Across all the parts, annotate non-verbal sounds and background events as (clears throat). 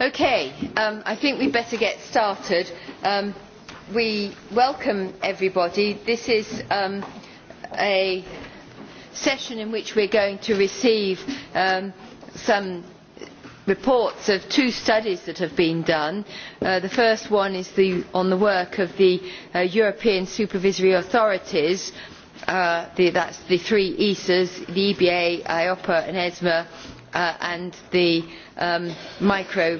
Okay, um, I think we better get started. Um, we welcome everybody. This is um, a session in which we are going to receive some reports of two studies that have been done. Uh, the first one is on the work of the uh, European supervisory authorities, uh, that is the three ESAs, the EBA, eiopa and ESMA, Uh, and the um, micro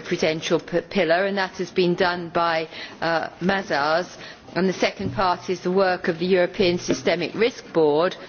prudential pillar and that has been done by uh, mazars and the second part is the work of the european systemic risk board which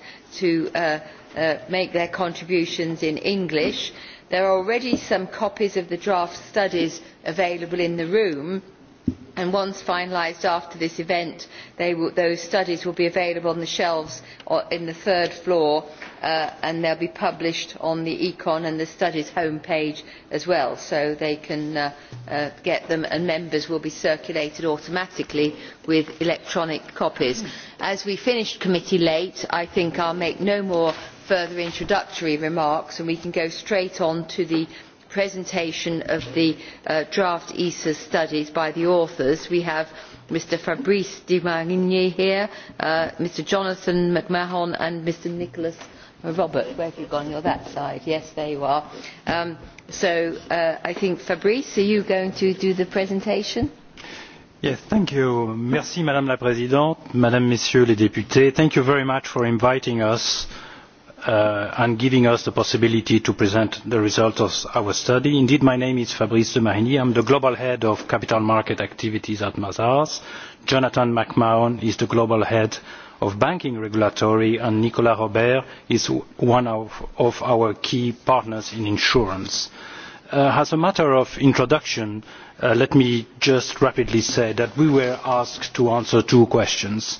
to uh, uh, make their contributions in english. there are already some copies of the draft studies available in the room and once finalised after this event those studies will be available on the shelves uh, in the third floor uh, and they will be published on the econ and the studies homepage as well so they can uh, get them and members will be circulated automatically with electronic copies. as we finished committee late i think i will make no more further introductory remarks and we can go straight on to the presentation of the uh, draft ESA studies by the authors. We have Mr Fabrice de Marigny here, uh, Mr Jonathan McMahon and Mr Nicholas Robert. Where have you gone? You're that side. Yes, there you are. Um, so uh, I think Fabrice, are you going to do the presentation? Yes, thank you. Merci, Madame la Présidente, Madame, Messieurs les députés. Thank you very much for inviting us Uh, and giving us the possibility to present the results of our study. Indeed, my name is Fabrice de Marigny. I'm the Global Head of Capital Market Activities at Mazars. Jonathan McMahon is the Global Head of Banking Regulatory, and Nicolas Robert is one of, of our key partners in insurance. Uh, as a matter of introduction, uh, let me just rapidly say that we were asked to answer two questions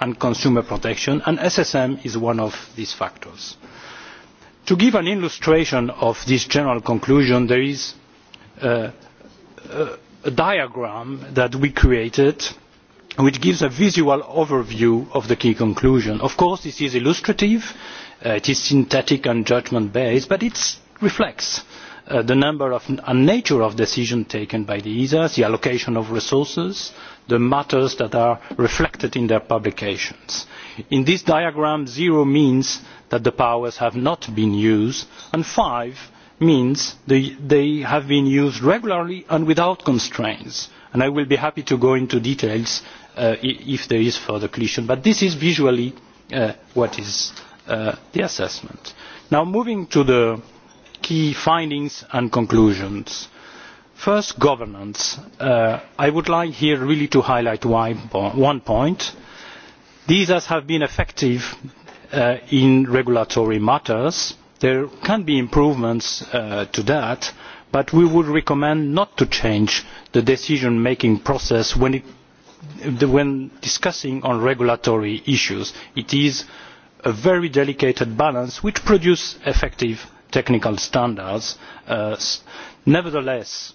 and consumer protection and ssm is one of these factors. to give an illustration of this general conclusion there is a diagram that we created which gives a visual overview of the key conclusion. of course this is illustrative uh, it is synthetic and judgment based but it reflects uh, the number of, and nature of decisions taken by the esas the allocation of resources the matters that are reflected in their publications. in this diagram zero means that the powers have not been used and five means that they have been used regularly and without constraints. i will be happy to go into details uh, if there is further question but this is visually uh, what is uh, the assessment. now moving to the key findings and conclusions first governance uh, i would like here really to highlight one point these have been effective uh, in regulatory matters there can be improvements uh, to that but we would recommend not to change the decision making process when, it, when discussing on regulatory issues. it is a very delicate balance which produces effective technical standards. Uh, nevertheless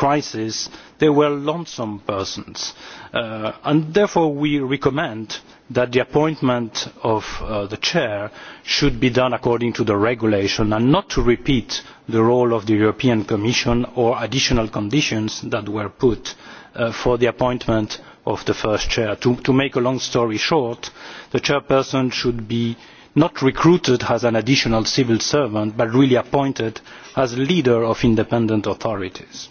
crisis there were lonesome persons uh, and therefore we recommend that the appointment of uh, the chair should be done according to the regulation and not to repeat the role of the european commission or additional conditions that were put uh, for the appointment of the first chair. To, to make a long story short the chairperson should be not recruited as an additional civil servant but really appointed as leader of independent authorities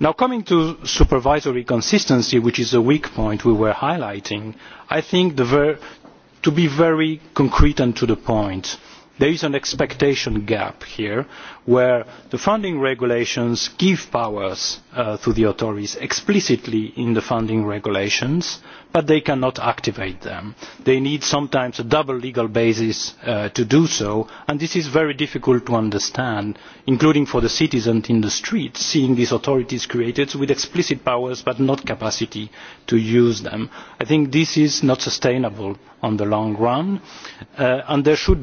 Now, coming to supervisory consistency, which is a weak point we were highlighting, I think to be very concrete and to the point, there is an expectation gap here where the funding regulations give powers uh, to the authorities explicitly in the funding regulations but they cannot activate them. they need sometimes a double legal basis uh, to do so and this is very difficult to understand including for the citizens in the streets seeing these authorities created with explicit powers but no capacity to use them. i think this is not sustainable in the long run uh, and there should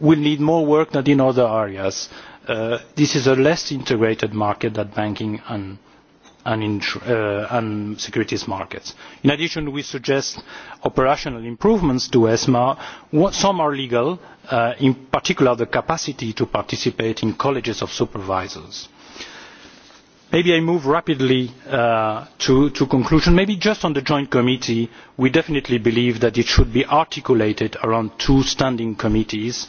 will need more work than in other areas. Uh, this is a less integrated market than banking uh, and, securities markets. In addition, we suggest operational improvements to ESMA. some are legal, uh, in particular the capacity to participate in colleges of supervisors. Maybe I move rapidly to, to conclusion. Maybe just on the joint committee, we definitely believe that it should be articulated around two standing committees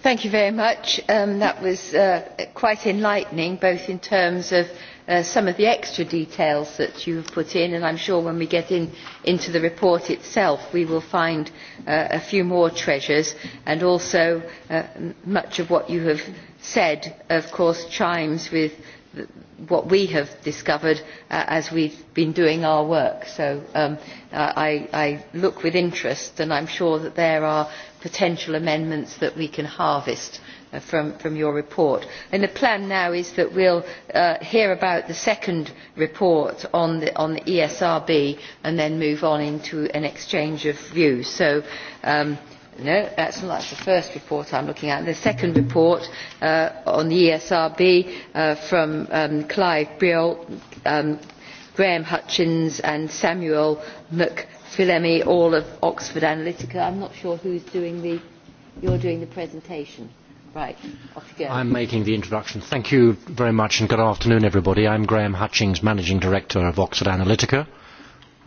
Thank you very much. Um, that was uh, quite enlightening, both in terms of uh, some of the extra details that you have put in, and I'm sure when we get into the report itself, we will find uh, a few more treasures, and also much of what you have said, of course, chimes with the, what we have discovered as uh, as we've been doing our work. So um, uh, I, look with interest and I'm sure that there are potential amendments that we can harvest uh, from, your report. And the plan now is that we'll will hear about the second report on the, ESRB e and then move on into an exchange of views. So um, No, that is not that's the first report i am looking at. The second report uh, on the ESRB uh, from um, Clive Briol, um, Graham Hutchins and Samuel McPhillemy, all of Oxford Analytica. i am not sure who is doing the... you are doing the presentation. Right, off you go. I'm making the introduction. Thank you very much and good afternoon, everybody. I am Graham Hutchings, Managing Director of Oxford Analytica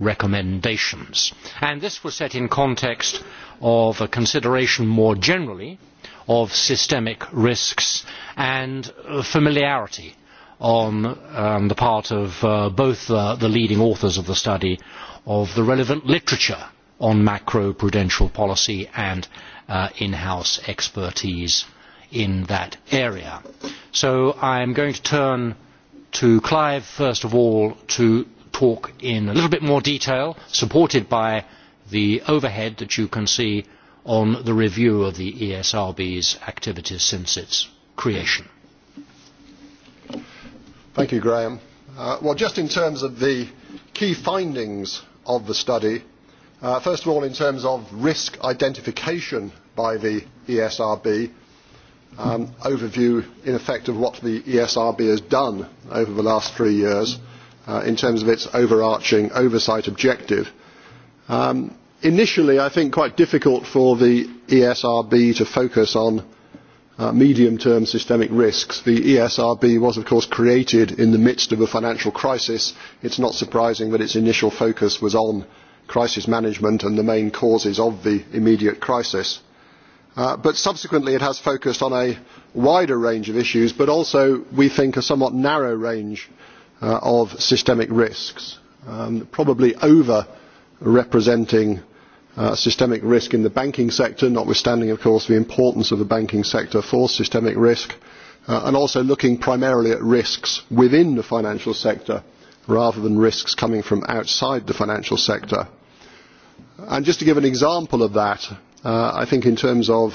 recommendations. this was set in context of a consideration more generally of systemic risks and familiarity on um, the part of uh, both uh, the leading authors of the study of the relevant literature on macro prudential policy and uh, in-house expertise in that area. So i am going to turn to Clive first of all to talk in a little bit more detail, supported by the overhead that you can see on the review of the ESRB's activities since its creation. Thank you, Graham. Uh, well, just in terms of the key findings of the study, uh, first of all, in terms of risk identification by the ESRB, um, overview, in effect, of what the ESRB has done over the last three years. Uh, in terms of its overarching oversight objective. Um, initially, I think quite difficult for the ESRB to focus on uh, medium-term systemic risks. The ESRB was, of course, created in the midst of a financial crisis. It's not surprising that its initial focus was on crisis management and the main causes of the immediate crisis. Uh, but subsequently it has focused on a wider range of issues, but also, we think, a somewhat narrow range uh, of systemic risks, um, probably over representing uh, systemic risk in the banking sector, notwithstanding, of course, the importance of the banking sector for systemic risk, uh, and also looking primarily at risks within the financial sector rather than risks coming from outside the financial sector. And just to give an example of that, uh, I think in terms of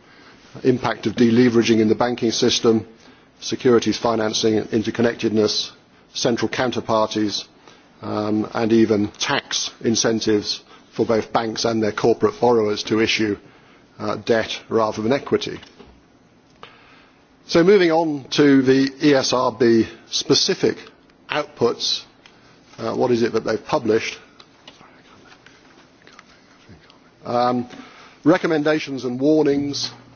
impact of deleveraging in the banking system, securities financing, interconnectedness, central counterparties, um, and even tax incentives for both banks and their corporate borrowers to issue uh, debt rather than equity. So moving on to the ESRB specific outputs, uh, what is it that they've published? Um, recommendations and warnings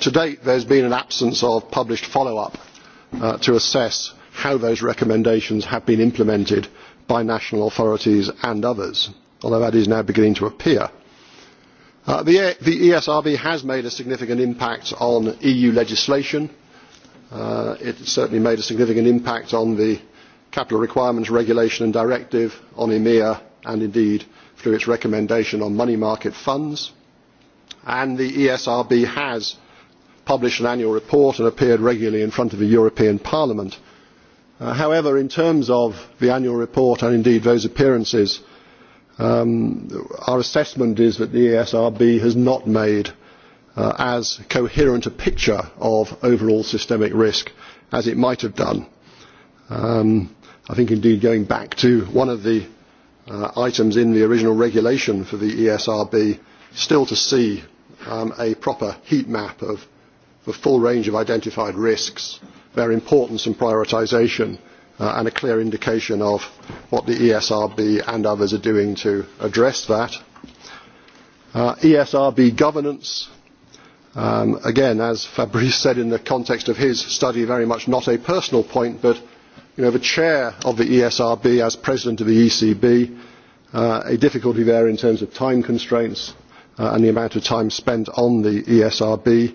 to date there has been an absence of published follow up uh, to assess how those recommendations have been implemented by national authorities and others although that is now beginning to appear. Uh, the, esrb e has made a significant impact on eu legislation. Uh, it certainly made a significant impact on the capital requirements regulation and directive on emir e and indeed through its recommendation on money market funds and the esrb has published an annual report and appeared regularly in front of the european parliament. Uh, however in terms of the annual report and indeed those appearances um, our assessment is that the esrb has not made uh, as coherent a picture of overall systemic risk as it might have done. Um, i think indeed going back to one of the uh, items in the original regulation for the esrb still to see um, a proper heat map of the full range of identified risks, their importance and prioritisation, uh, and a clear indication of what the ESRB and others are doing to address that. Uh, ESRB governance, um, again, as Fabrice said in the context of his study, very much not a personal point, but you the chair of the ESRB as president of the ECB, uh, a difficulty there in terms of time constraints and the amount of time spent on the ESRB.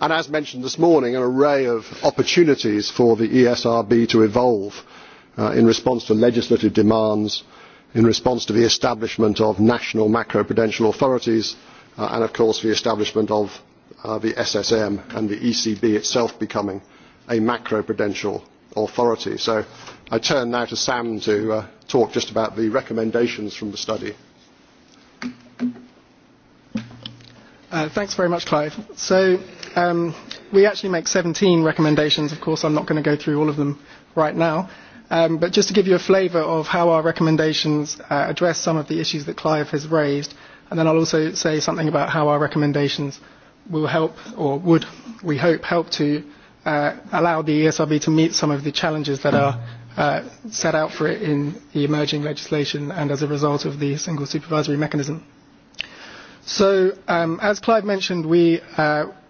and as mentioned this morning an array of opportunities for the esrb to evolve uh, in response to legislative demands in response to the establishment of national macroprudential authorities uh, and of course the establishment of uh, the ssm and the ecb itself becoming a macroprudential authority. so i turn now to sam to talk just about the recommendations from the study. thanks very much, Clive. Um, we actually make 17 recommendations. Of course, I'm not going to go through all of them right now. Um, but just to give you a flavour of how our recommendations uh, address some of the issues that Clive has raised, and then I'll also say something about how our recommendations will help, or would, we hope, help to uh, allow the ESRB to meet some of the challenges that are uh, set out for it in the emerging legislation and as a result of the single supervisory mechanism. So, um, as Clive mentioned, we uh,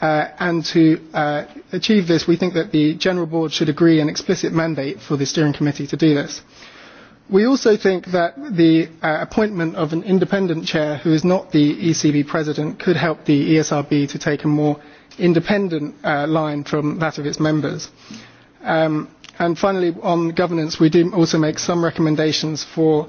Uh, and to uh, achieve this, we think that the General Board should agree an explicit mandate for the Steering Committee to do this. We also think that the uh, appointment of an independent chair who is not the ECB president could help the ESRB to take a more independent line from that of its members. Um, finally, on governance, we do also make some recommendations for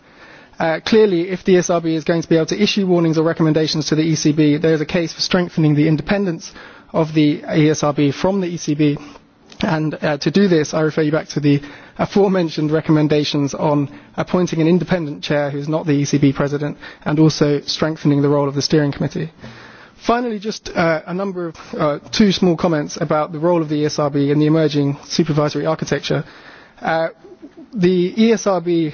Uh, clearly, if the ESRB is going to be able to issue warnings or recommendations to the ECB, there is a case for strengthening the independence of the ESRB from the ECB. And uh, to do this, I refer you back to the aforementioned recommendations on appointing an independent chair who is not the ECB president and also strengthening the role of the steering committee. Finally, just uh, a number of uh, two small comments about the role of the ESRB in the emerging supervisory architecture. Uh, the ESRB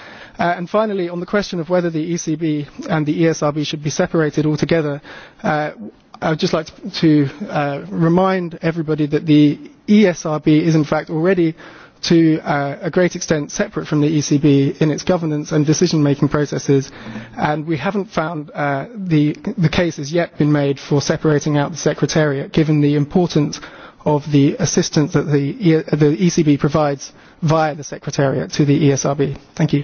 Uh, and finally, on the question of whether the ECB and the ESRB should be separated altogether, uh, I would just like to, to uh, remind everybody that the ESRB is in fact already to uh, a great extent separate from the ECB in its governance and decision-making processes, and we haven't found uh, the, the case has yet been made for separating out the Secretariat, given the importance of the assistance that the, e the ECB provides via the Secretariat to the ESRB. Thank you.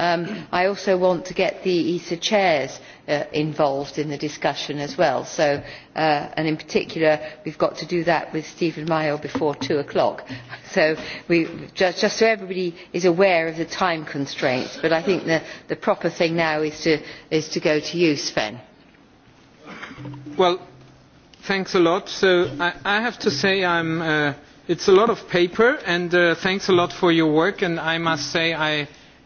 Um, I also want to get the ESA chairs uh, involved in the discussion as well. So, uh, and in particular, we've got to do that with Stephen Mayo before two o'clock. (laughs) So just, so everybody is aware of the time constraints. But I think the, proper thing now is to, go to you, Sven. Well, thanks a lot. So I, have to say it is uh, it's a lot of paper, and thanks a lot for your work. And I must say I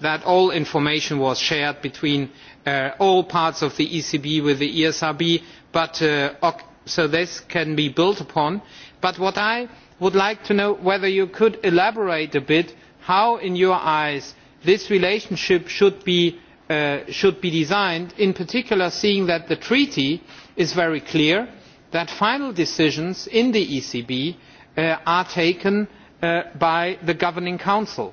that all information was shared between uh, all parts of the ECB with the ESRB, uh, so this can be built upon. But what I would like to know whether you could elaborate a bit how, in your eyes, this relationship should be, uh, designed, in particular seeing that the treaty is very clear that final decisions in the ECB are taken by the governing council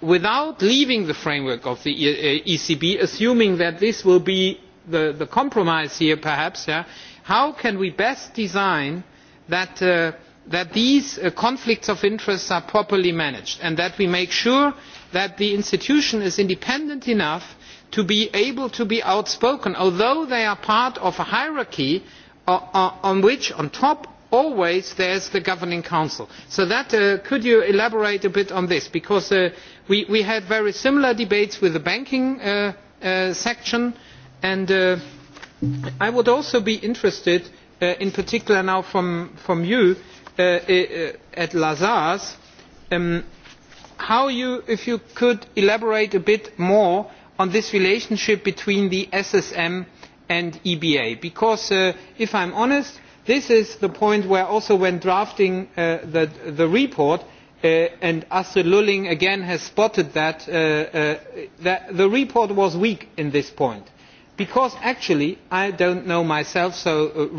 without leaving the framework of the ecb uh, e assuming that this will be the, compromise here perhaps how can we best design that, uh, these uh, conflicts of interest are properly managed and that we make sure that the institution is independent enough to be able to be outspoken although they are part of a hierarchy on which on top always there is the governing council. Uh, could you elaborate a bit on this because uh, we, had very similar debates with the banking uh, section and i would also be interested in particular now from, you at lazars um, how if you could elaborate a bit more on this relationship between the ssm and the eba because if i am honest this is the point where also when drafting uh, the report uh, and astrid lulling again has spotted that uh, the report was weak at this point because actually i do not know myself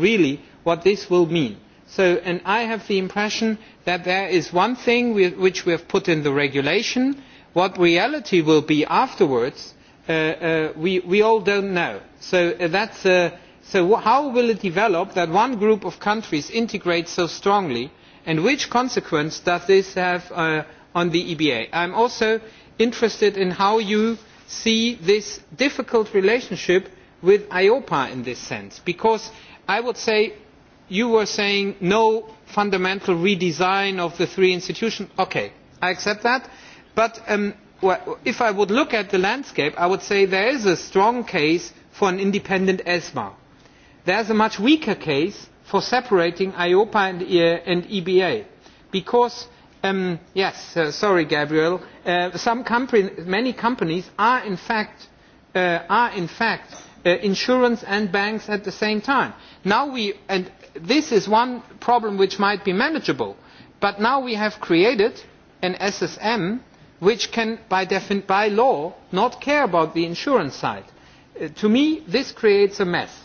really what this will mean i have the impression that there is one thing which we have put in the regulation what reality will be afterwards we all do not know. that is so how will it develop that one group of countries integrates so strongly and what consequence does this have uh, on the eba? i am also interested in how you see this difficult relationship with eiopa in this sense because i would say you were saying no fundamental redesign of the three institutions. okay i accept that but um, if i look at the landscape i would say there is a strong case for an independent esma there is a much weaker case for separating eiopa and eba e because um, yes uh, sorry gabriel uh, many companies are in fact uh, insurance and banks at the same time. this is one problem which might be manageable but now we have created an ssm which can by law not care about the insurance side. to me this creates a mess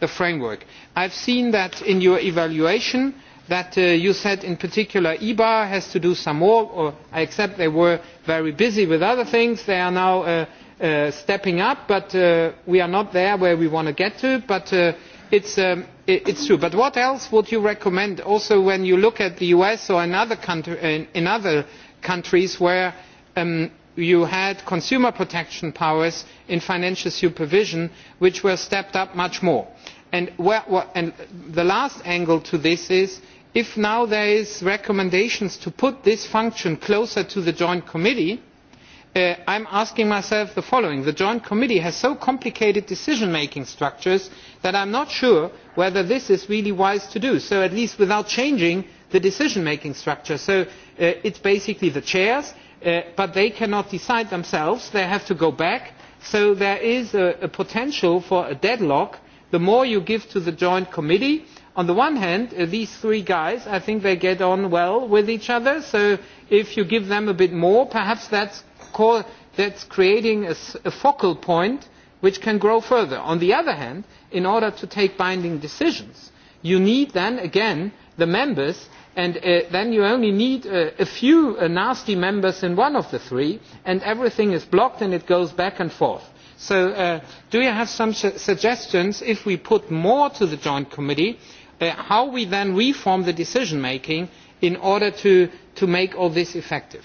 the framework. i have seen that in your evaluation that uh, you said in particular eba has to do some more i accept they were very busy with other things they are now uh, uh, stepping up but we are not there where we want to get to but um, it is true. but what else would you recommend also when you look at the us or in other countries where um, you had consumer protection powers in financial supervision which were stepped up much more? And the last angle to this is if now there are recommendations to put this function closer to the joint committee uh, i am asking myself the following the joint committee has so complicated decision making structures that i am not sure whether this is really wise to do so at least without changing the decision making structure. so uh, it is basically the chairs uh, but they cannot decide themselves they have to go back so there is a potential for a deadlock the more you give to the joint committee on the one hand uh, these three guys i think they get on well with each other so if you give them a bit more perhaps that is creating a focal point which can grow further. on the other hand in order to take binding decisions you need then again the members and uh, then you only need uh, a few nasty members in one of the three and everything is blocked and it goes back and forth so uh, do you have some suggestions if we put more to the joint committee uh, how we then reform the decision making in order to make all this effective?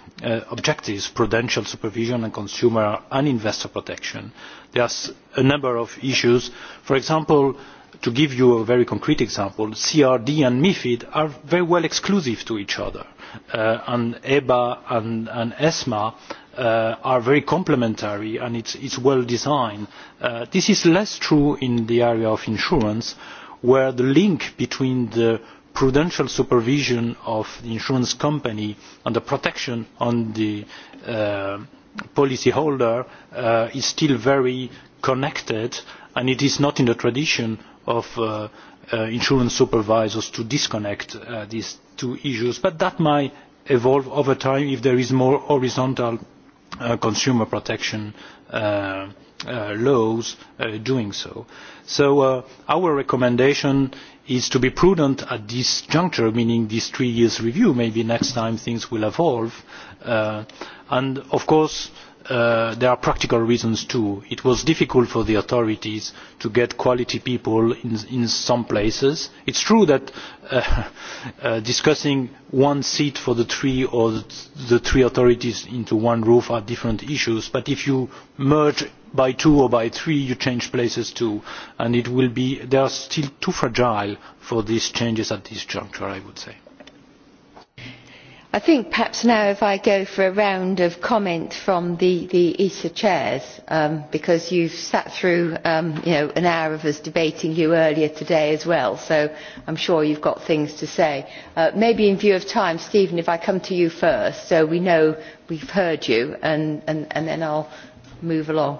Uh, objectives prudential supervision and consumer and investor protection. there are a number of issues for example to give you a very concrete example crd and mifid are very well exclusive to each other uh, and eba and, esma uh, are very complementary and it is well designed. this is less true in the area of insurance where the link between the prudential supervision of the insurance company and the protection on the uh, policyholder uh, is still very connected and it is not in the tradition of uh, uh insurance supervisors to disconnect uh, these two issues but that might evolve over time if there is more horizontal uh, consumer protection laws doing so. so our recommendation is is to be prudent at this juncture, meaning this three year review. Maybe next time things will evolve. Uh, and of course, uh, there are practical reasons too. It was difficult for the authorities to get quality people in, in some places. It's true that uh, (laughs) uh, discussing one seat for the three or the three authorities into one roof are different issues, but if you merge by two or by three you change places too and it will be they are still too fragile for these changes at this juncture i would say i think perhaps now if i go for a round of comment from the, ESA chairs, because um, because you've sat through um, an hour of us debating you earlier today as well, so I'm sure you've got things to say. Uh, maybe in view of time, Stephen, if I come to you first, so we know we've heard you, and, then and then I'll move along.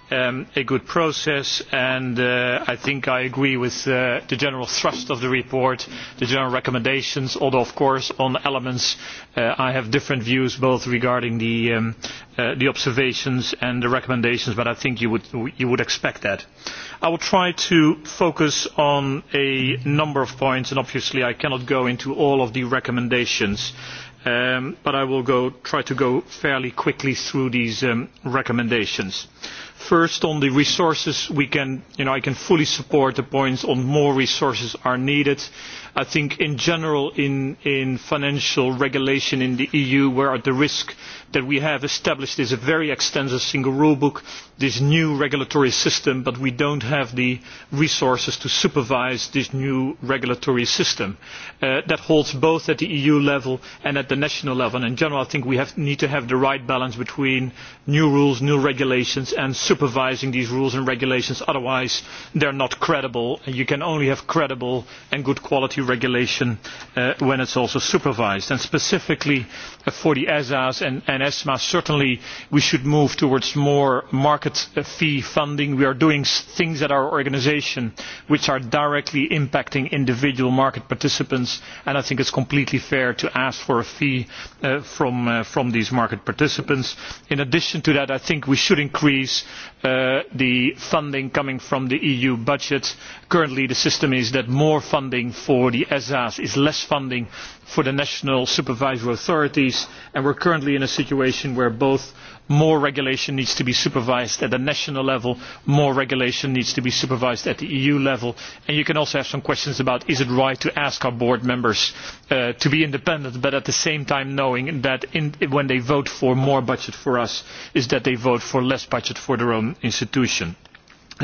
Um, a good process and uh, I think I agree with uh, the general thrust of the report, the general recommendations, although of course on elements uh, I have different views both regarding um, the, observations and the recommendations, but I think you would, expect that. I will try to focus on a number of points and obviously I cannot go into all of the recommendations. Um, but I will try to go fairly quickly through these recommendations first on the resources we can, you know, i can fully support the points on more resources are needed i think in general in, in financial regulation in the eu we are at the risk that we have established this very extensive single rule book this new regulatory system but we do not have the resources to supervise this new regulatory system. Uh, that holds both at the eu level and at the national level and in general i think we have, need to have the right balance between new rules new regulations and supervising these rules and regulations otherwise they are not credible and you can only have credible and good quality regulation uh, when it is also supervised. And specifically uh, for the esas and, esma certainly we should move towards more market uh, fee funding. we are doing things at our organisation which are directly impacting individual market participants and i think it is completely fair to ask for a fee from, from these market participants. in addition to that i think we should increase Uh, the funding coming from the eu budget currently the system is that more funding for the esas is less funding for the national supervisory authorities and we are currently in a situation where both more regulation needs to be supervised at the national level more regulation needs to be supervised at the eu level and you can also have some questions about is it right to ask our board members uh, to be independent but at the same time knowing that in, when they vote for more budget for us is that they vote for less budget for their own institution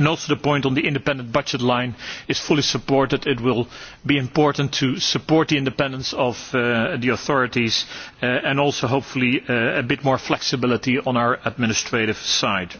also the point on the independent budget line is fully supported. It will be important to support the independence of uh, the authorities uh, and also hopefully uh, a bit more flexibility on our administrative side.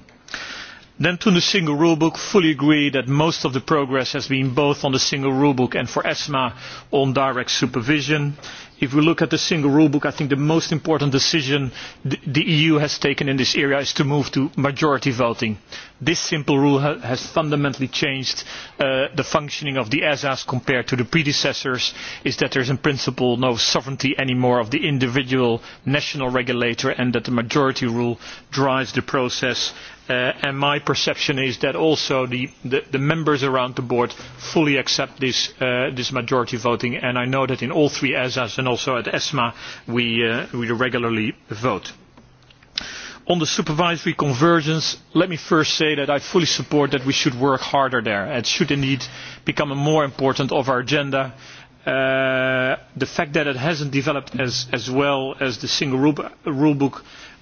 Then to the single rule book, i fully agree that most of the progress has been both on the single rule book and for ESMA on direct supervision. If we look at the single rule book, I think the most important decision the EU has taken in this area is to move to majority voting this simple rule has fundamentally changed uh, the functioning of the ESAs compared to the predecessors, is that there is in principle no sovereignty any more of the individual national regulator and that the majority rule drives the process uh, and my perception is that also the, members around the board fully accept uh, this, majority voting and i know that in all three esas and also at esma we regularly vote on the supervisory convergence let me first say that i fully support that we should work harder there. it should indeed become more important on our agenda. Uh, the fact that it has not developed as, as well as the single rule book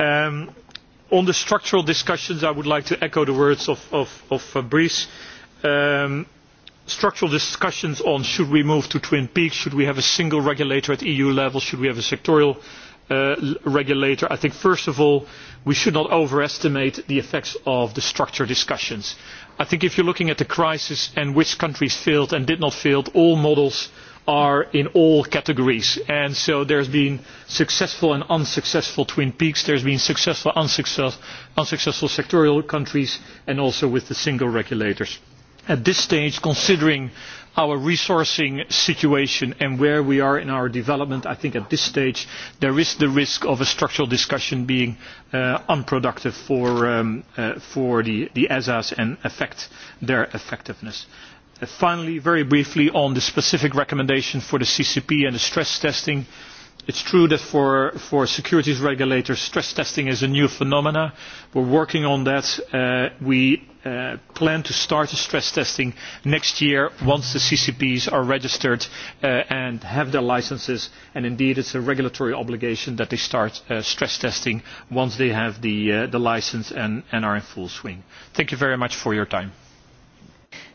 Um, on the structural discussions, I would like to echo the words of, of, of Fabrice. Uh, um, structural discussions on should we move to Twin Peaks, should we have a single regulator at EU level, should we have a sectorial Uh, regulator i think first of all we should not overestimate the effects of the structure discussions. i think if you are looking at the crisis and which countries failed and did not fail all models are in all categories. And so there's been successful and unsuccessful Twin Peaks. There's been successful, unsuccess, unsuccessful sectorial countries and also with the single regulators. At this stage, considering our resourcing situation and where we are in our development, I think at this stage there is the risk of a structural discussion being uh, unproductive for, um, uh, for the, the ESAs and affect their effectiveness. Finally, very briefly on the specific recommendation for the CCP and the stress testing. it is true that for, securities regulators, stress testing is a new phenomenon. we are working on that. Uh, we uh, plan to start the stress testing next year once the CCPs are registered uh, and have their licences And indeed, it is a regulatory obligation that they start stress testing once they have the, licence and are in full swing. Thank you very much for your time.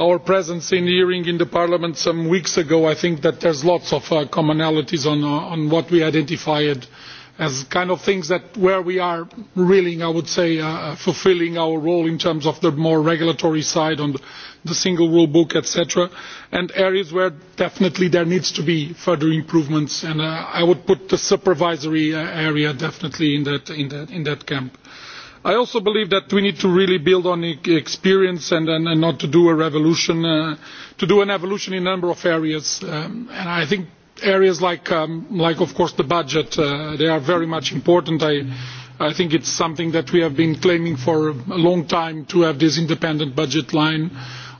our presence in the hearing in the parliament some weeks ago i think that there are lots of uh, commonalities uh, on, what we identified as kind of things that where we are really i would say uh, fulfilling our role in terms of the more regulatory side on the single rule book etc and areas where definitely there needs to be further improvements and i would put the supervisory area definitely in that in that in that camp i also believe that we need to really build on e-, experience and, and, and not to do a revolution uh, to do an evolution in a number of areas um, and i think areas like, um, like of course the budget uh, they are very much important i i think it's something that we have been claiming for a long time to have this independent budget line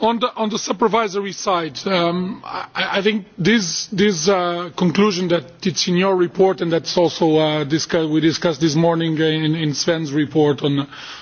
on the, on the supervisory side um, I, think this, this uh, conclusion that it's is in your report and that is also uh, we discussed this morning in, in sven's report on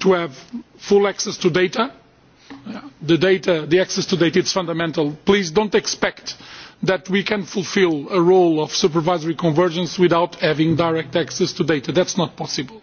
to have full access to data. The, data, the access to data is fundamental. Please don't expect that we can fulfil a role of supervisory convergence without having direct access to data. That's not possible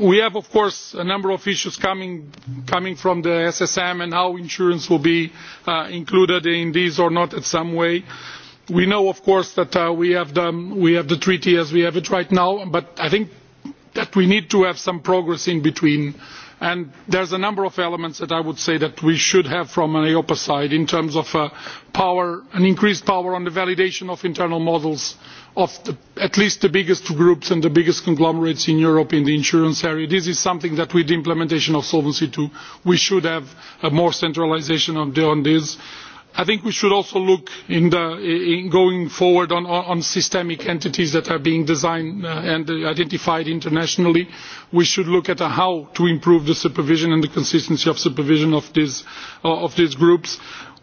we have of course a number of issues coming, from the ssm and how insurance will be uh, included in these or not in some way. we know of course that uh, we have the treaty as we have it right now but i think that we need to have some progress in between and there are a number of elements that i would say that we should have from an eiopa side in terms of uh, an increased power on the validation of internal models of at least the biggest groups and the biggest conglomerates in europe in the insurance area. this is something that with the implementation of solvency ii we should have more centralisation on this i think we should also look in going forward on, systemic entities that are being designed uh, and identified internationally. we should look at how to improve the supervision and the consistency of supervision of these uh, groups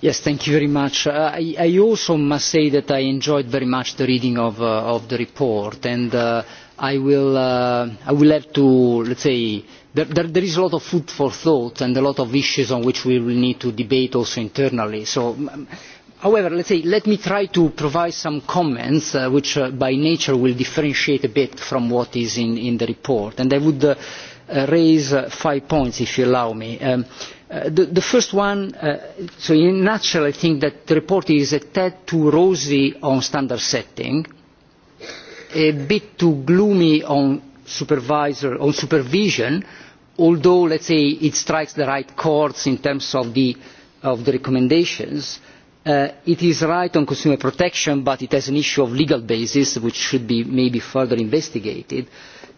Yes, thank you very much. Uh, I, also must say that I enjoyed very much the reading of, uh, the report, and uh, I, will, have to, say, that there, is a lot of food for thought and a lot of issues on which we will need to debate also internally. however, let me try to provide some comments which by nature will differentiate a bit from what is in, the report. And I would raise five points, if you allow me. Um, Uh, the, first one, uh, so in a nutshell, I think that the report is a tad too rosy on standard setting, a bit too gloomy on supervision, although, let us say, it strikes the right chords in terms of the, recommendations. Uh, it is right on consumer protection, but it has an issue of legal basis, which should be maybe further investigated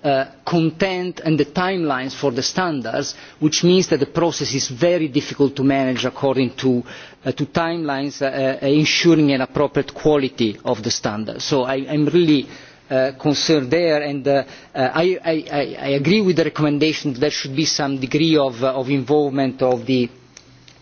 Uh, content and the timelines for the standards which means that the process is very difficult to manage according to, uh, timelines uh, ensuring an appropriate quality of the standards. so i am really concerned there and I, agree with the recommendation that there should be some degree of, of involvement of the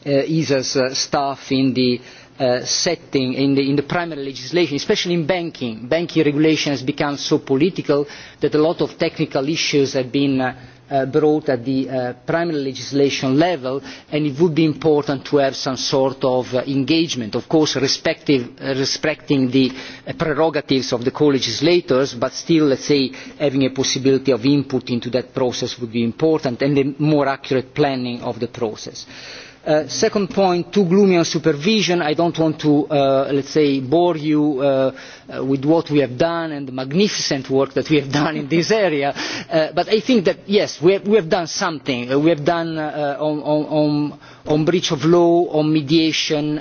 esa's staff in the Uh, setting in the, in the primary legislation, especially in banking. Banking regulation has become so political that a lot of technical issues have been uh, uh brought at the uh, primary legislation level and it would be important to have some sort of uh, engagement of course uh, respecting the prerogatives of the co legislators but still let's say having a possibility of input into that process would be important and a more accurate planning of the process. Uh, second point, too gloomy on supervision. I do not want to, uh, bore you uh, with what we have done and the magnificent work that we have (laughs) done in this area. but I think that, yes, we have, done something. we have done on, breach of law, on mediation,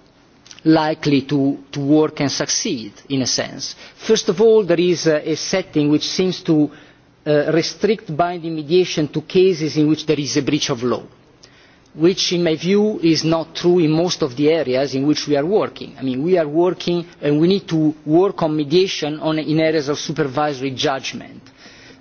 likely to, to work and succeed in a sense. First of all, there is a, a setting which seems to uh, restrict binding mediation to cases in which there is a breach of law, which in my view is not true in most of the areas in which we are working. I mean, we are working and we need to work on mediation on, in areas of supervisory judgment.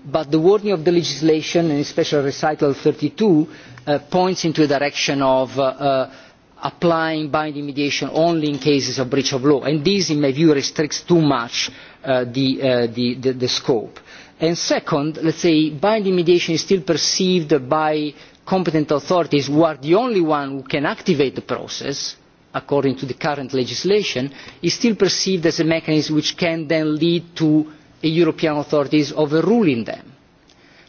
But the wording of the legislation, and especially recital 32, uh, points into a direction of uh, uh, applying binding mediation only in cases of breach of law and this in my view restricts too much uh, the, uh, the, the, the scope. And second, let's say binding mediation is still perceived by competent authorities who are the only ones who can activate the process according to the current legislation is still perceived as a mechanism which can then lead to the european authorities overruling them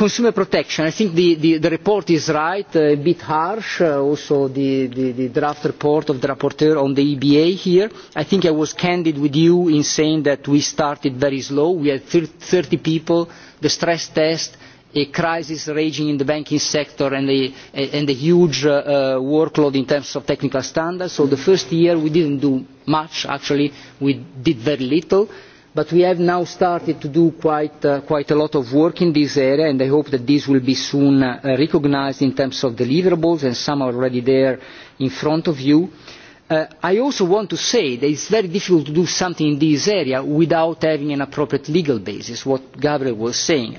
consumer protection i think the, the, the report is right uh, a bit harsh uh, also the, the, the draft report of the rapporteur on the eba here i think i was candid with you in saying that we started very slow we had 30 people the stress test a crisis raging in the banking sector and a, and a huge uh, uh, workload in terms of technical standards so the first year we didn't do much actually we did very little but we have now started to do uh, quite, a lot of work in this area and I hope that this will be soon uh, recognised in terms of deliverables and some are already there in front of you. Uh, I also want to say that it is very difficult to do something in this area without having an appropriate legal basis, what Gabriel was saying.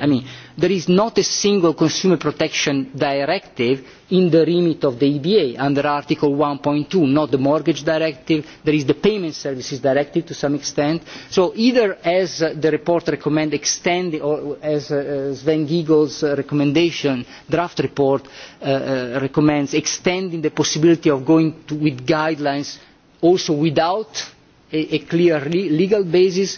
there is not a single consumer protection directive in the remit of the EBA under Article 1.2, not the Mortgage Directive. There is the Payment Services Directive to some extent. So either as the report recommends, extend, or as uh, Sven giegold's recommendation, draft report uh, uh, recommends, extending the possibility of going with guidelines also without a clear legal basis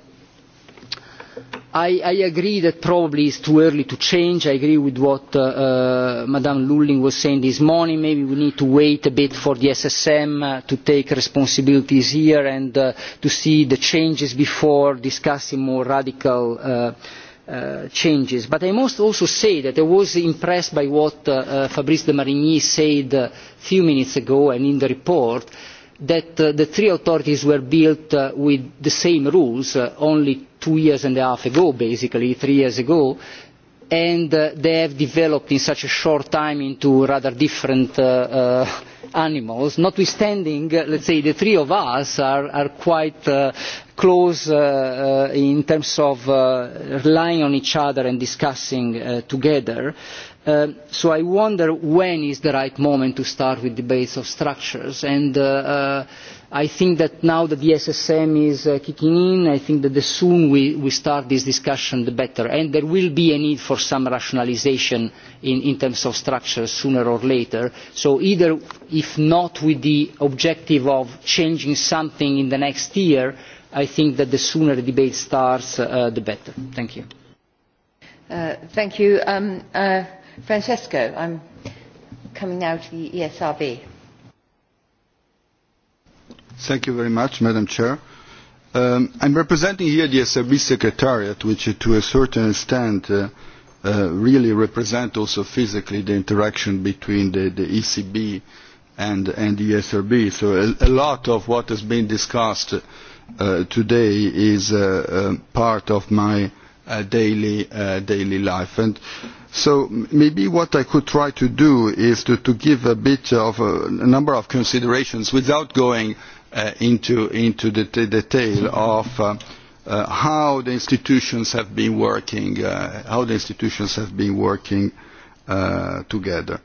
I, agree that probably it's too early to change. I agree with what uh, uh Lulling was saying this morning. Maybe we need to wait a bit for the SSM uh, to take responsibilities here and uh, to see the changes before discussing more radical uh, Uh, changes. But I must also say that I was impressed by what uh, uh, Fabrice de Marigny said a few minutes ago and in the report, that uh, the three authorities were built uh, with the same rules uh, only two years and a half ago, basically, three years ago, and they have developed in such a short time into rather different animals. Notwithstanding, let let's say the three of us are, quite close in terms of relying on each other and discussing together. Um, so I wonder when is the right moment to start with debates on structures. And uh, uh, I think that now that the SSM is uh, kicking in, I think that the sooner we, start this discussion, the better. And there will be a need for some rationalisation in, terms of structures sooner or later. So either, if not with the objective of changing something in the next year, I think that the sooner the debate starts, the better. Thank you. Um, Francesco, I'm coming now to the ESRB. Thank you very much, Madam Chair. Um, I'm representing here the SRB Secretariat, which to a certain extent uh, uh, really represent also physically the interaction between the, the ECB and, and the e SRB. So a, a lot of what has been discussed uh, today is uh, uh, part of my uh, daily, uh, daily life. And So maybe what I could try to do is to, to give a bit of a, a number of considerations without going uh, into, into the detail of uh, uh, how the institutions have been working, uh, how the institutions have been working uh, together.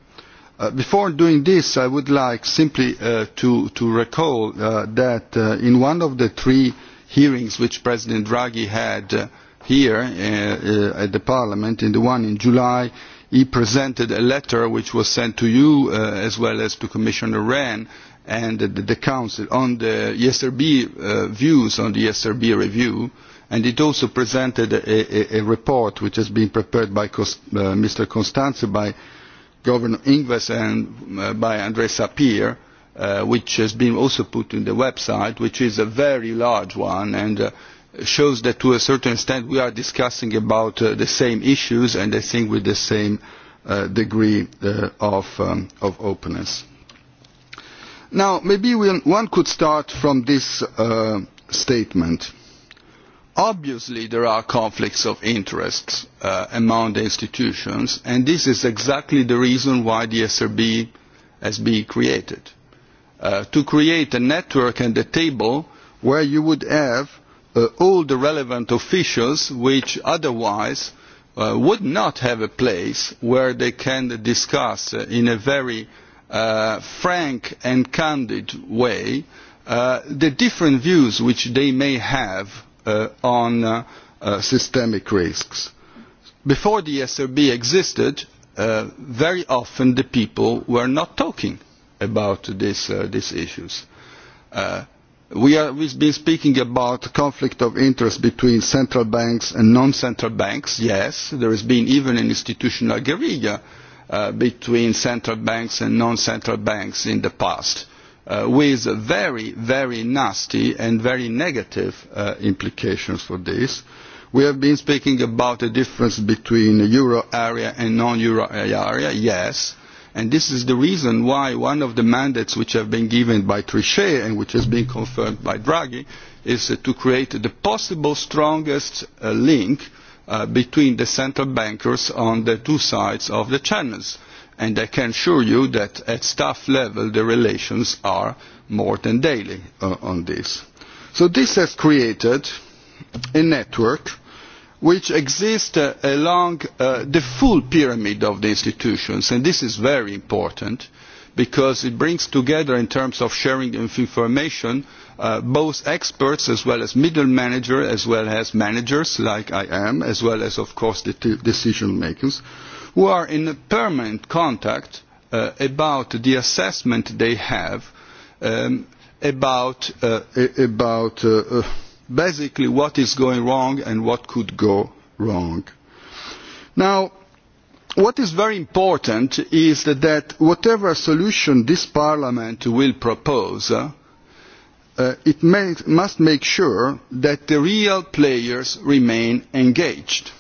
Uh, before doing this, I would like simply uh, to, to recall uh, that uh, in one of the three hearings which President Draghi had uh, here uh, uh, at the Parliament, in the one in July, he presented a letter which was sent to you uh, as well as to Commissioner Rehn and the, the Council on the ESRB uh, views on the ESRB review. And it also presented a, a, a report which has been prepared by Cost, uh, Mr. Constanze, by Governor Ingves and uh, by André Sapir, uh, which has been also put on the website, which is a very large one. And uh, shows that to a certain extent we are discussing about uh, the same issues and I think with the same uh, degree uh, of, um, of openness. Now, maybe one could start from this uh, statement. Obviously, there are conflicts of interest uh, among the institutions, and this is exactly the reason why the SRB has been created. Uh, to create a network and a table where you would have uh, all the relevant officials which otherwise uh, would not have a place where they can discuss uh, in a very uh, frank and candid way uh, the different views which they may have uh, on systemic risks. Before the SRB existed, very often the people were not talking about this, these issues we have been speaking about conflict of interest between central banks and non-central banks. Yes, there has been even an institutional guerrilla uh, between central banks and non-central banks in the past, uh, with very, very nasty and very negative uh, implications for this. We have been speaking about the difference between euro area and non-euro area, yes And this is the reason why one of the mandates which have been given by Trichet and which has been confirmed by Draghi is uh, to create the possible strongest uh, link uh, between the central bankers on the two sides of the channels. And I can assure you that at staff level the relations are more than daily on this. So this has created a network which exist uh, along uh, the full pyramid of the institutions and this is very important because it brings together in terms of sharing of information uh, both experts as well as middle managers as well as managers like I am as well as of course the decision makers who are in permanent contact uh, about the assessment they have um, about, uh, about uh, uh basically what is going wrong and what could go wrong. Now, what is very important is that whatever solution this Parliament will propose, uh, uh, it may, must make sure that the real players remain engaged.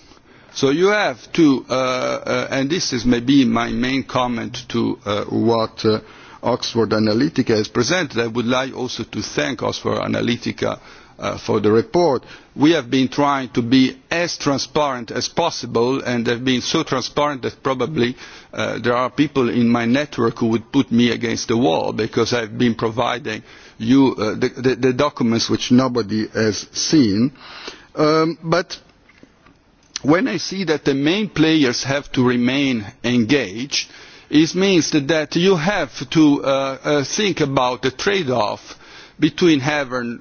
So you have to, uh, uh, and this is maybe my main comment to uh, what uh, Oxford Analytica has presented. I would like also to thank Oxford Analytica Uh, for the report. We have been trying to be as transparent as possible and have been so transparent that probably uh, there are people in my network who would put me against the wall because I have been providing you uh, the, the, the, documents which nobody has seen. Um, but when I see that the main players have to remain engaged, it means that you have to uh, uh, think about the trade-off between having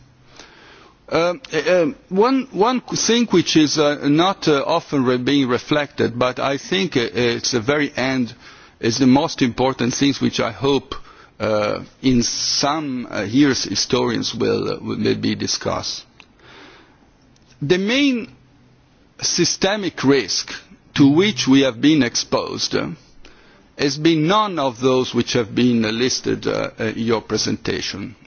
Um, uh, um, one, one thing which is uh, not uh, often re being reflected, but I think uh, it's the very end, is the most important thing which I hope uh, in some uh, years historians will, uh, will maybe discuss. The main systemic risk to which we have been exposed uh, has been none of those which have been listed uh, in your presentation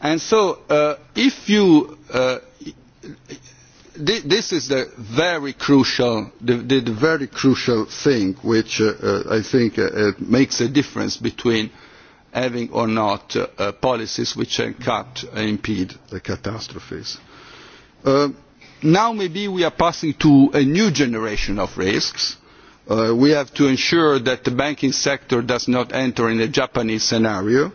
And so uh, if you, uh, th this is the very crucial, the, the, the very crucial thing which uh, uh, I think uh, uh makes a difference between having or not uh, uh, policies which can cut and uh, impede the catastrophes. Uh, now maybe we are passing to a new generation of risks. Uh, we have to ensure that the banking sector does not enter in a Japanese scenario. Uh,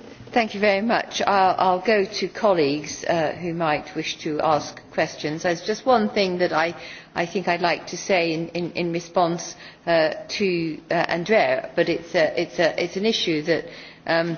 Thank you very much. I'll, I'll go to colleagues uh, who might wish to ask questions. there is just one thing that I, think I would like to say in, response uh, to uh, Andrea, but it is an issue that um,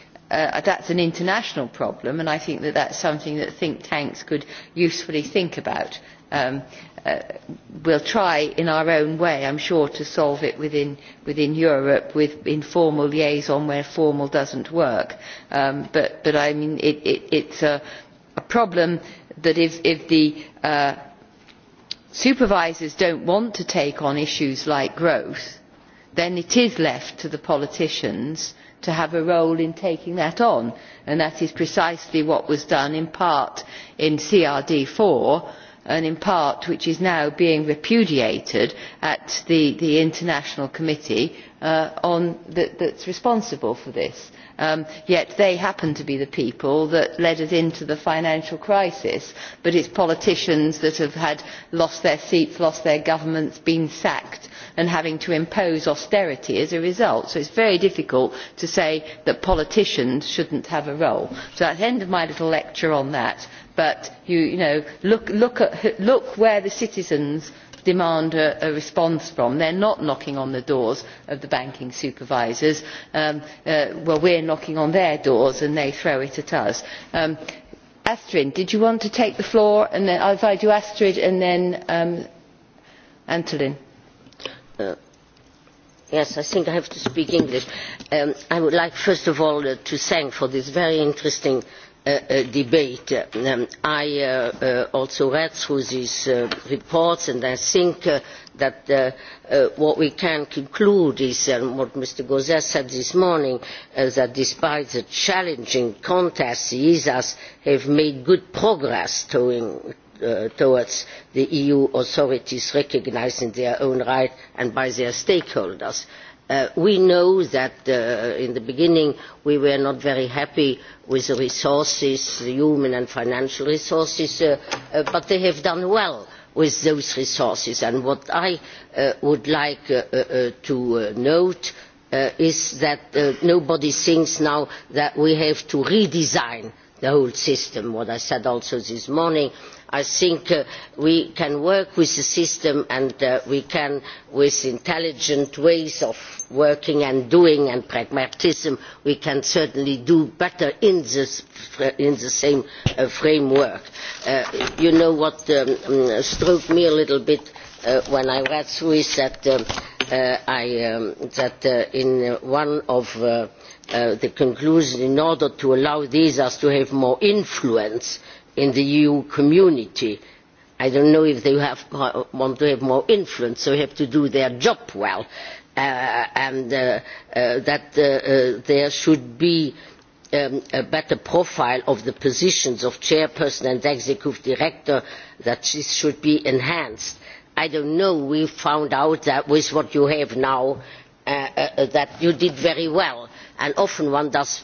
Uh, that is an international problem and I think that is something that think tanks could usefully think about. Um, uh, we will try in our own way, i am sure, to solve it within, Europe with informal liaison where formal does not work. Um, but, it, is a, problem that if, the uh, supervisors do not want to take on issues like growth, then it is left to the politicians to have a role in taking that on and that is precisely what was done in part in crd IV and in part which is now being repudiated at the, international committee uh, that, that's responsible for this. Um, yet they happen to be the people that led us into the financial crisis but it's politicians that have had lost their seats, lost their governments, been sacked and having to impose austerity as a result so it is very difficult to say that politicians should not have a role. so that is the end of my little lecture on that but look, at, where the citizens demand a, response from. they are not knocking on the doors of the banking supervisors. Um, uh, well, knocking on their doors and they throw it at us. Um, Astrid, did you want to take the floor? i will I'll invite you, Astrid, and then um, Antolin. Uh, yes, I think I have to speak English. Um, I would like, first of all, uh, to thank you for this very interesting uh, debate. Um, I also read through these reports, and I think that what we can conclude is, and um, what Mr. gauzs said this morning, uh, that despite the challenging context the ESAs have made good progress towards Uh, towards the eu authorities recognised their own right and by their stakeholders. Uh, we know that uh, in the beginning we were not very happy with the resources, the human and financial resources, uh, uh, but they have done well with those resources. And what I uh, would like uh, uh, uh to uh, note uh, is that uh, nobody thinks now that we have to redesign the whole system, what I said also this morning, i think uh, we can work with the system and uh, we can with intelligent ways of working and doing and pragmatism we can certainly do better in, this, in the same uh, framework. you know what um, um, struck me a little bit Uh, when I read through is that, um, uh, I, um, that in one of the conclusions, in order to allow these us to have more influence, in the EU community. I don't know if they have, want to have more influence, so they have to do their job well. Uh, and uh, uh, that uh, uh, there should be um, a better profile of the positions of chairperson and executive director, that this should be enhanced. I don't know, we found out that with what you have now, uh, uh, that you did very well. And often one does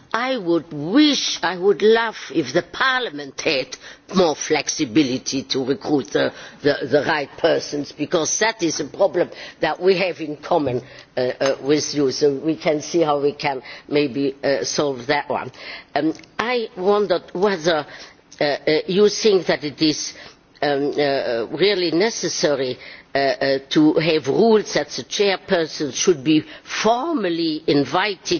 i would wish i would love if the parliament had more flexibility to recruit the, the, the right persons because that is a problem that we have in common uh, uh, with you so we can see how we can maybe uh, solve that one. Um, i wondered whether uh, uh, you think that it is um, uh, really necessary Uh, uh, to have rules that the chairperson should be formally invited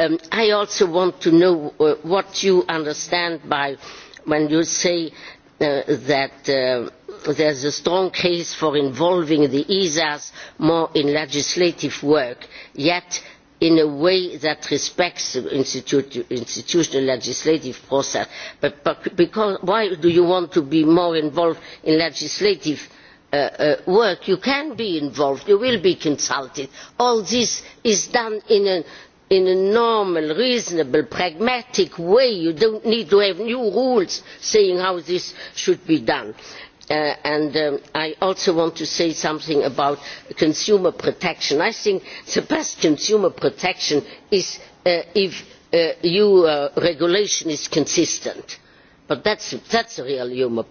Um, i also want to know uh, what you understand by when you say uh, that uh, there is a strong case for involving the esas more in legislative work yet in a way that respects the institutional legislative process. But, but because, why do you want to be more involved in legislative Uh, uh, work you can be involved you will be consulted all this is done in a in a normal, reasonable, pragmatic way. You don't need to have new rules saying how this should be done. Uh, and um, I also want to say something about consumer protection. I think the best consumer protection is uh, if EU uh, regulation is consistent. But that's, that's real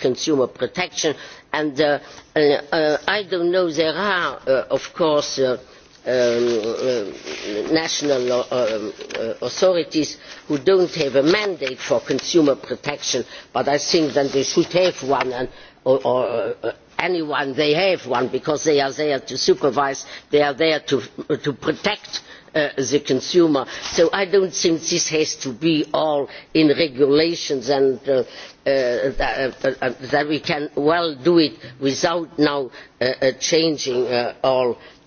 consumer protection. And uh, uh, I don't know, there are, of course, Um, uh, national uh, uh, authorities who do not have a mandate for consumer protection but i think that they should have one and, or, or anyone they have one because they are there to supervise they are there to, to protect Uh, the consumer. so i do not think this has to be all in regulations and uh, uh, that we can well do it without now changing all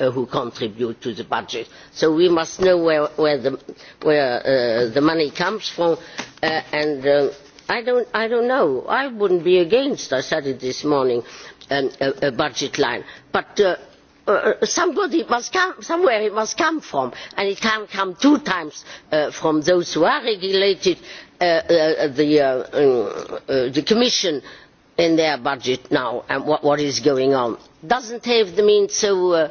Uh, who contribute to the budget. So we must know where, where, the, where uh, the money comes from. Uh, and uh, I, don't, I don't know. I wouldn't be against, I said it this morning, um, a, a budget line. But uh, uh, somebody must come, somewhere it must come from. And it can't come two times uh, from those who are regulated, uh, uh, the, uh, um, uh, the Commission in their budget now and what, what is going on. Doesn't have the means so uh,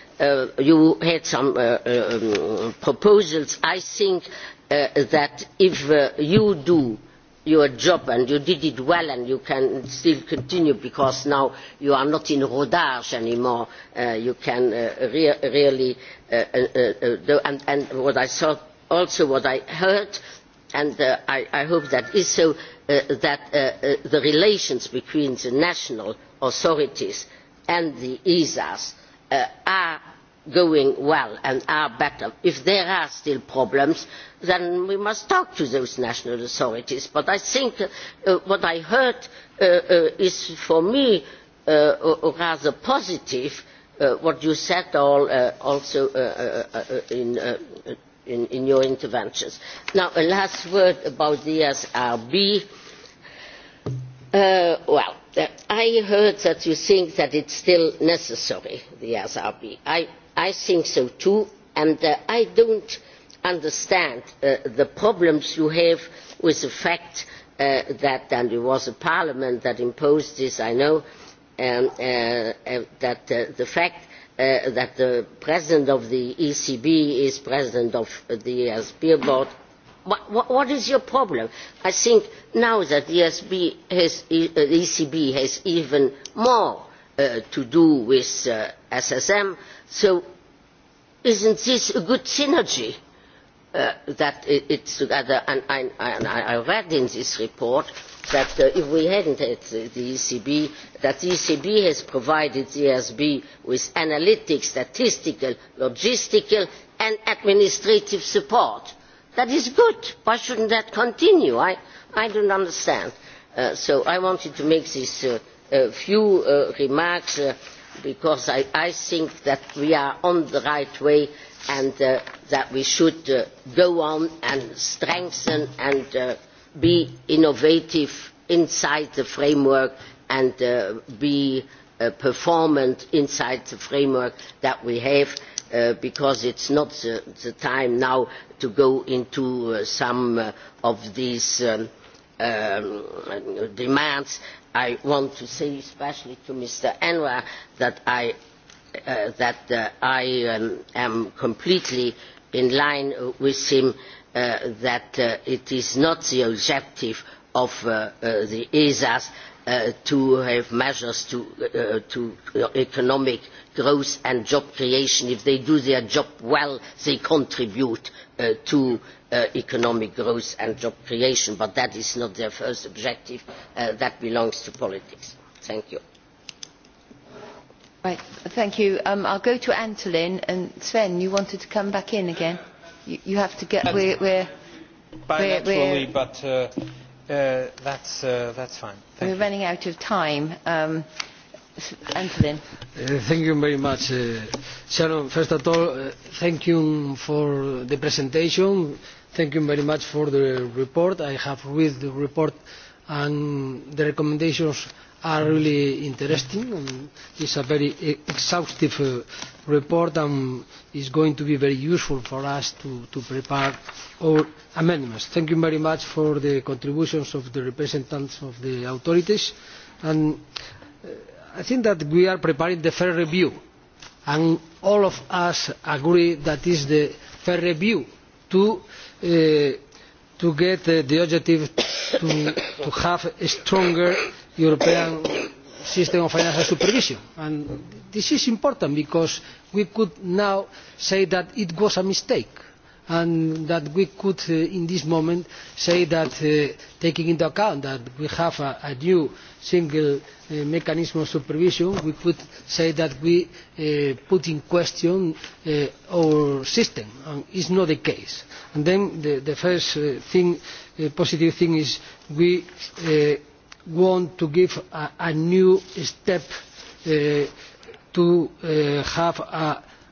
Uh, you had some uh, uh, proposals. i think that if you do your job and you did it well and you can still continue because now you are not in rodage anymore. Uh, you can uh, re really uh, do, and, and, what I saw also what I heard and I, I, hope that is so that the relations between the national authorities and the ESAs are going well and are better. If there are still problems, then we must talk to those national authorities. But I think uh, what I heard uh, uh, is for me rather positive, what you said all, also in, in, in your interventions. Now, a last word about the SRB. Uh, well, uh, I heard that you think that it's still necessary, the SRB. I i think so too and uh, i do not understand uh, the problems you have with the fact uh, that and it was parliament that imposed this i know that the fact that the president of the ecb is president of the esb board what is your problem? i think now that the ecb e, e has even more to do with SSM. So isn't this a good synergy uh, that it, it's together? And I, and I read in this report that uh, if we hadn't had the, ECB, e that the ECB has provided the ESB with analytic, statistical, logistical and administrative support. That is good. Why shouldn't that continue? I, I don't understand. Uh, so I wanted to make these uh, uh, few uh, remarks uh, because I, I think that we are on the right way and uh, that we should uh, go on and strengthen and uh, be innovative inside the framework and uh, be uh, performant inside the framework that we have uh, because it is not the, the, time now to go into some of these um, um, demands I want to say especially to Mr. Enwar that I, uh, that, uh, I um, am completely in line with him uh, that uh, it is not the objective of uh, uh, the ESAs uh, to have measures to, uh, to economic growth and job creation. If they do their job well, they contribute uh, to Uh, economic growth and job creation, but that is not their first objective. Uh, that belongs to politics. Thank you. thank you. Um, I'll go to Antolin and Sven. You wanted to come back in again. You, have to get. Um, we're, we're, bilaterally, but uh, that's that's fine. Thank we're running out of time. Um, Antolin. Uh, thank you very much, uh, Sharon. First of all, uh, thank you for the presentation thank you very much for the report. i have read the report and the recommendations are really interesting. It is a very e-, exhaustive uh, report and is going to be very useful for us to, to prepare our amendments. Thank you very much for the contributions of the representatives of the authorities. And uh, I think that we are preparing the fair review. And all of us agree that it is the fair review to, uh, to get uh, the objective to, to have a stronger European system of financial supervision. And this is important because we could now say that it was a mistake and that we could at uh, this moment say that uh, taking into account that we have a new single uh, mechanism of supervision we could say that we are putting in question our system and this is not the case. then the first positive thing is that we want to give a new step to have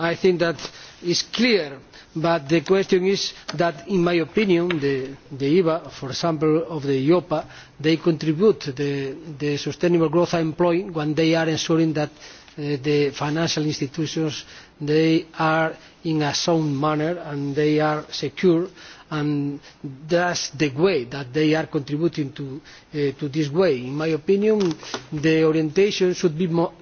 i think that is clear but the question is that in my opinion the, eba for example of the eiopa contribute to the, sustainable growth and employment when they are ensuring that uh, the financial institutions are in a sound manner and they are secure and that is the way that they are contributing to, uh, to this way. in my opinion the orientation should be more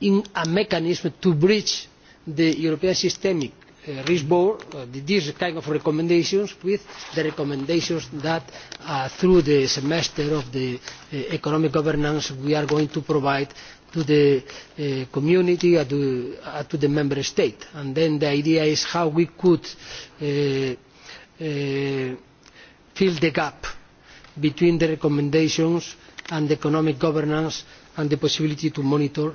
in a mechanism to bridge the european systemic uh, risk board uh, these kind of recommendations with the recommendations that uh, through the semester of the economic governance we are going to provide to the community and to the member states. then the idea is how we could fill the gap between the recommendations and economic governance and the possibility to monitor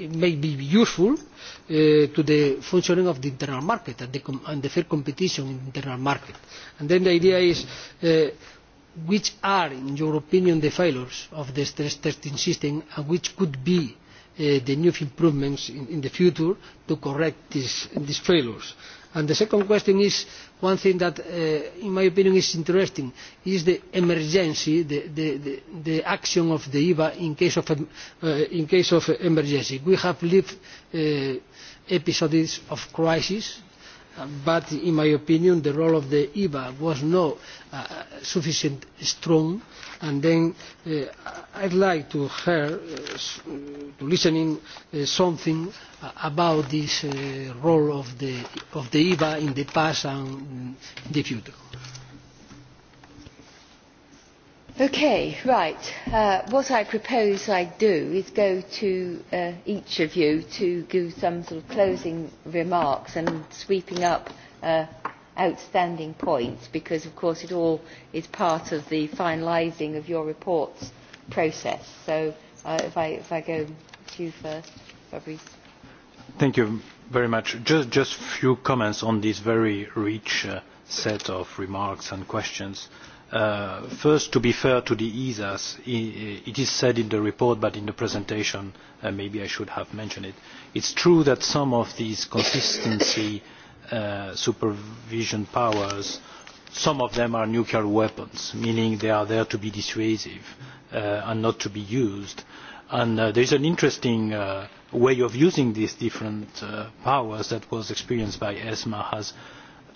may be useful uh, to the functioning of the internal market and the, fair competition in the internal market. then the idea is uh, which are, in your opinion, the failures of the stress testing system and which could be uh, the new improvements in, the future to correct these failures? And the second question is one thing that, uh, in my opinion, is interesting, is the emergency, the, action of the EBA uh, in case of, emergency. We have lived uh, episodes of crisis but in my opinion the role of the EBA was not uh, sufficient strong and then uh, I'd like to hear uh, uh to listening uh, something uh, about this uh, role of the, of the EBA in the past and in the future. Okay, right. Uh, what I propose I do is go to uh, each of you to give some sort of closing remarks and sweeping up uh, outstanding points because, of course, it all is part of the finalising of your report's process. So uh, if, I, if I go to you first, Fabrice. Thank you very much. Just, a few comments on this very rich uh, set of remarks and questions. Uh, first to be fair to the esas it is said in the report but in the presentation uh, maybe i should have mentioned it it is true that some of these consistency uh, supervision powers some of them are nuclear weapons meaning they are there to be dissuasive uh, and not to be used and uh, there is an interesting uh, way of using these different powers that was experienced by esma as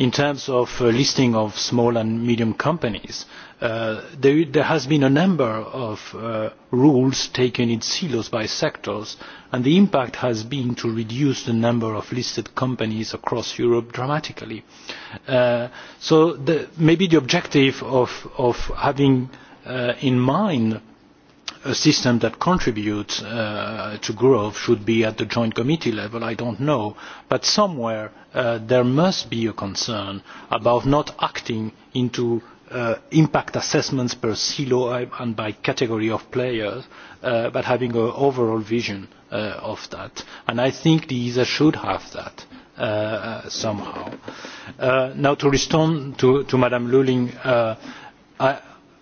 in terms of uh, listing of small and medium companies uh, there, have has been a number of uh, rules taken in silos by sectors and the impact has been to reduce the number of listed companies across europe dramatically. so maybe the objective of, of having in mind a system that contributes uh, to growth should be at the joint committee level, I don't know. But somewhere uh, there must be a concern about not acting into uh, impact assessments per silo and by category of players, uh, but having an overall vision uh, of that. And I think the ESA should have that. Uh, somehow. Uh, now to respond to, to Madame Luling, uh, I,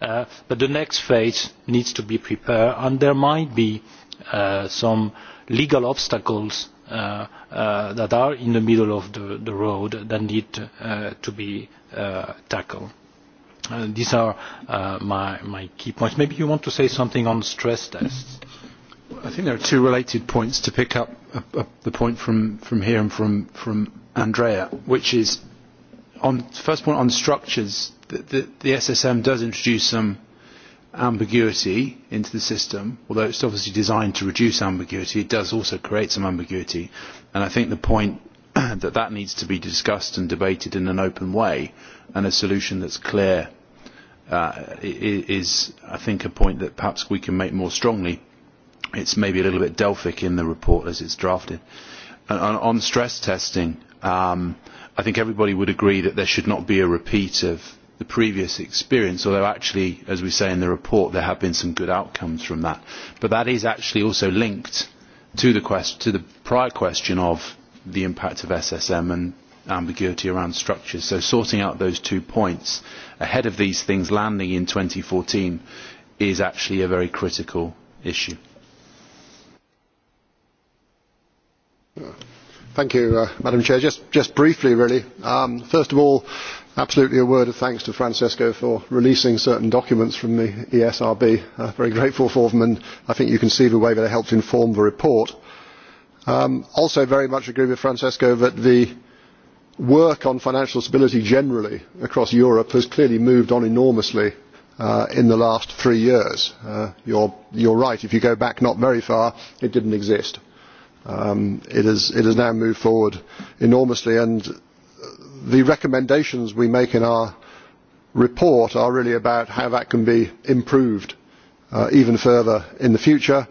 Uh, but the next phase needs to be prepared and there might be uh, some legal obstacles uh, that are in the middle of the, the road that need to be tackled. these are my, my key points. maybe you want to say something on stress tests. i think there are two related points to pick up, up, up the point from, from here and from, from andrea which is on first point on structures, the, the, the SSM does introduce some ambiguity into the system, although it's obviously designed to reduce ambiguity, it does also create some ambiguity. And I think the point (clears throat) that that needs to be discussed and debated in an open way and a solution that's clear uh, is, I think, a point that perhaps we can make more strongly. It's maybe a little bit Delphic in the report as it's drafted. And on stress testing, um, uh, I think everybody would agree that there should not be a repeat of the previous experience, although actually, as we say in the report, there have been some good outcomes from that. But that is actually also linked to the, to the prior question of the impact of SSM and ambiguity around structures. So sorting out those two points ahead of these things landing in 2014 is actually a very critical issue. Yeah. You, uh, madam president just, just briefly really um, first of all absolutely a word of thanks to francesco for releasing certain documents from the esrb uh, very grateful for them and i think you can see the way that it helped inform the report. Um, also very much agree with francesco that the work on financial stability generally across europe has clearly moved on enormously uh, in the last three years. Uh, you're, you're right if you go back not very far it didn't exist Um, it, is, it has now moved forward enormously and the recommendations we make in our report are really about how that can be improved uh, even further in the future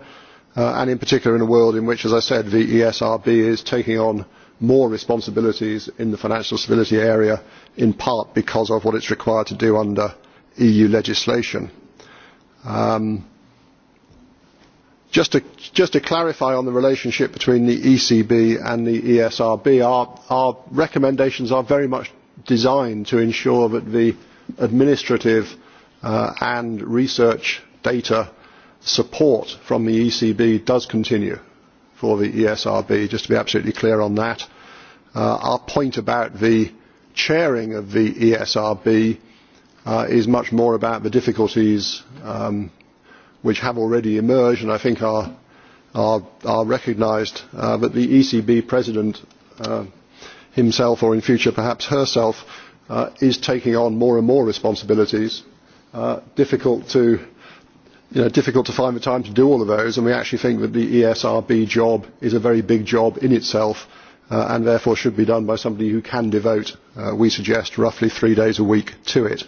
uh, and in particular in a world in which, as I said, the ESRB is taking on more responsibilities in the financial stability area in part because of what it's required to do under EU legislation. Um, Just to, just to clarify on the relationship between the ecb and the esrb our, recommendations are very much designed to ensure that the administrative uh, and research data support from the ecb does continue for the esrb just to be absolutely clear on that. Uh, our point about the chairing of the esrb uh, is much more about the difficulties um, which have already emerged and I think are, are, are recognised. Uh, but the ECB president uh, himself, or in future perhaps herself, uh, is taking on more and more responsibilities. Uh, difficult to you know, difficult to find the time to do all of those, and we actually think that the ESRB job is a very big job in itself, uh, and therefore should be done by somebody who can devote, uh, we suggest, roughly three days a week to it.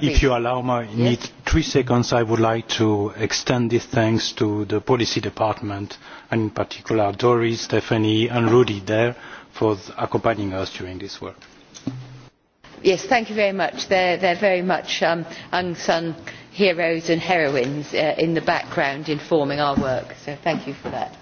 If you allow me yes? three seconds, I would like to extend these thanks to the policy department, and in particular Doris, Stephanie, and Rudy there for accompanying us during this work. Yes, thank you very much. They're, they're very much um, unsung heroes and heroines uh, in the background informing our work. So thank you for that.